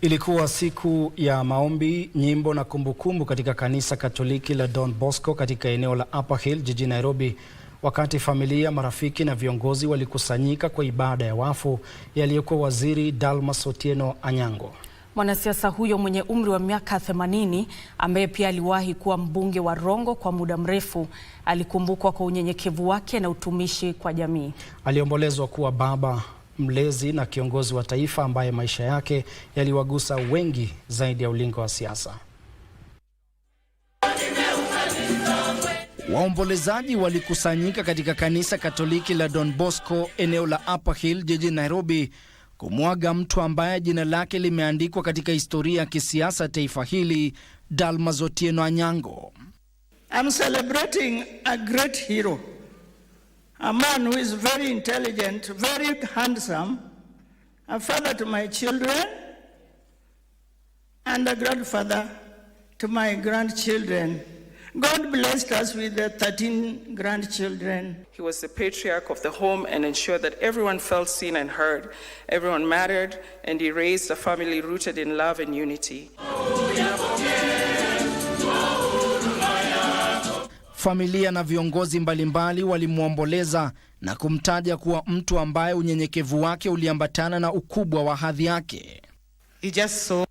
Ilikuwa siku ya maombi, nyimbo na kumbukumbu katika kanisa Katoliki la Don Bosco katika eneo la Upper Hill jijini Nairobi, wakati familia, marafiki na viongozi walikusanyika kwa ibada ya wafu yaliyokuwa waziri Dalmas Otieno Anyango. Mwanasiasa huyo mwenye umri wa miaka 80 ambaye pia aliwahi kuwa mbunge wa Rongo kwa muda mrefu alikumbukwa kwa unyenyekevu wake na utumishi kwa jamii. Aliombolezwa kuwa baba mlezi na kiongozi wa taifa ambaye maisha yake yaliwagusa wengi zaidi ya ulingo wa siasa. Waombolezaji walikusanyika katika kanisa Katoliki la Don Bosco eneo la Upper Hill jijini Nairobi kumwaga mtu ambaye jina lake limeandikwa katika historia ya kisiasa taifa hili, Dalmas Otieno Anyango. I'm celebrating a great hero. a man who is very intelligent, very handsome, a father to my children, and a grandfather to my grandchildren. God blessed us with 13 grandchildren. He was the patriarch of the home and ensured that everyone felt seen and heard. Everyone mattered, and he raised a family rooted in love and unity. Oh, yeah, oh. familia na viongozi mbalimbali walimwomboleza na kumtaja kuwa mtu ambaye unyenyekevu wake uliambatana na ukubwa wa hadhi yake. He just saw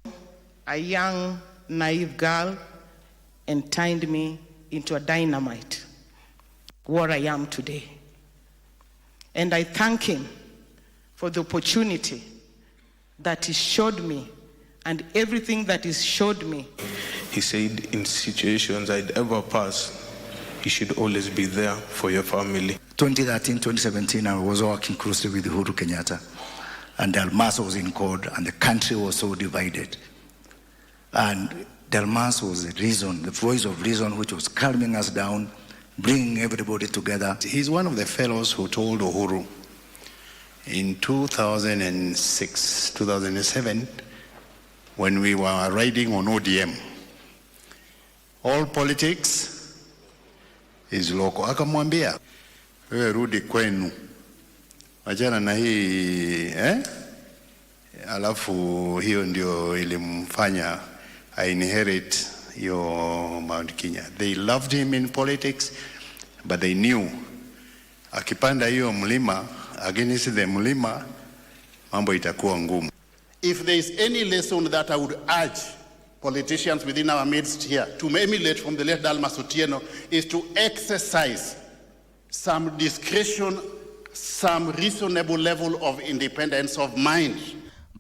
a young naive girl and turned me into a dynamite what I am today and I thank him for the opportunity that he showed me and everything that he showed me. He said in situations I'd ever you should always be there for your family. 2013, 2017, I was working closely with Uhuru Kenyatta, and Dalmas was in court, and the country was so divided. And Dalmas was the reason, the voice of reason, which was calming us down, bringing everybody together. He's one of the fellows who told Uhuru in 2006, 2007, when we were riding on ODM, all politics is local. akamwambia, wewe rudi kwenu, wachana na hii eh? Alafu hiyo ndio ilimfanya I inherit hiyo Mount Kenya. They loved him in politics but they knew akipanda hiyo mlima against the mlima mambo itakuwa ngumu. If there is any lesson that I would urge politicians within our midst here to emulate from the late Dalmas Otieno is to exercise some discretion, some reasonable level of independence of mind.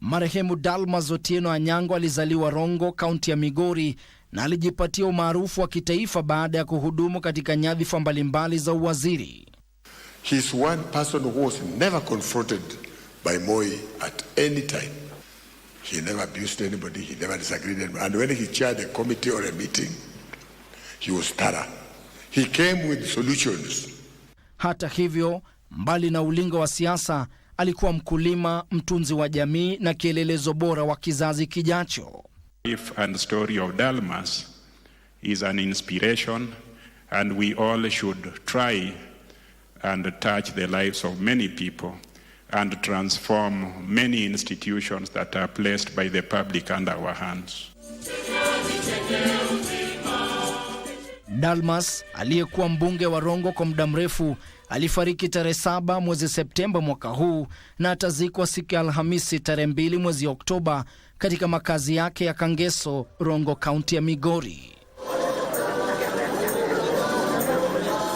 Marehemu Dalmas Otieno Anyango alizaliwa Rongo, kaunti ya Migori na alijipatia umaarufu wa kitaifa baada ya kuhudumu katika nyadhifa mbalimbali za uwaziri. He is one person who was never confronted by Moi at any time. He never abused anybody. He never disagreed. Anybody. And when he chaired a committee or a meeting, he was thorough. He came with solutions. Hata hivyo, mbali na ulingo wa siasa, alikuwa mkulima, mtunzi wa jamii na kielelezo bora wa kizazi kijacho. If and the story of Dalmas is an inspiration and we all should try and touch the lives of many people and transform many institutions that are placed by the public under our hands. Dalmas aliyekuwa mbunge wa Rongo kwa muda mrefu alifariki tarehe saba mwezi Septemba mwaka huu na atazikwa siku ya Alhamisi tarehe mbili mwezi Oktoba katika makazi yake ya Kangeso, Rongo, kaunti ya Migori.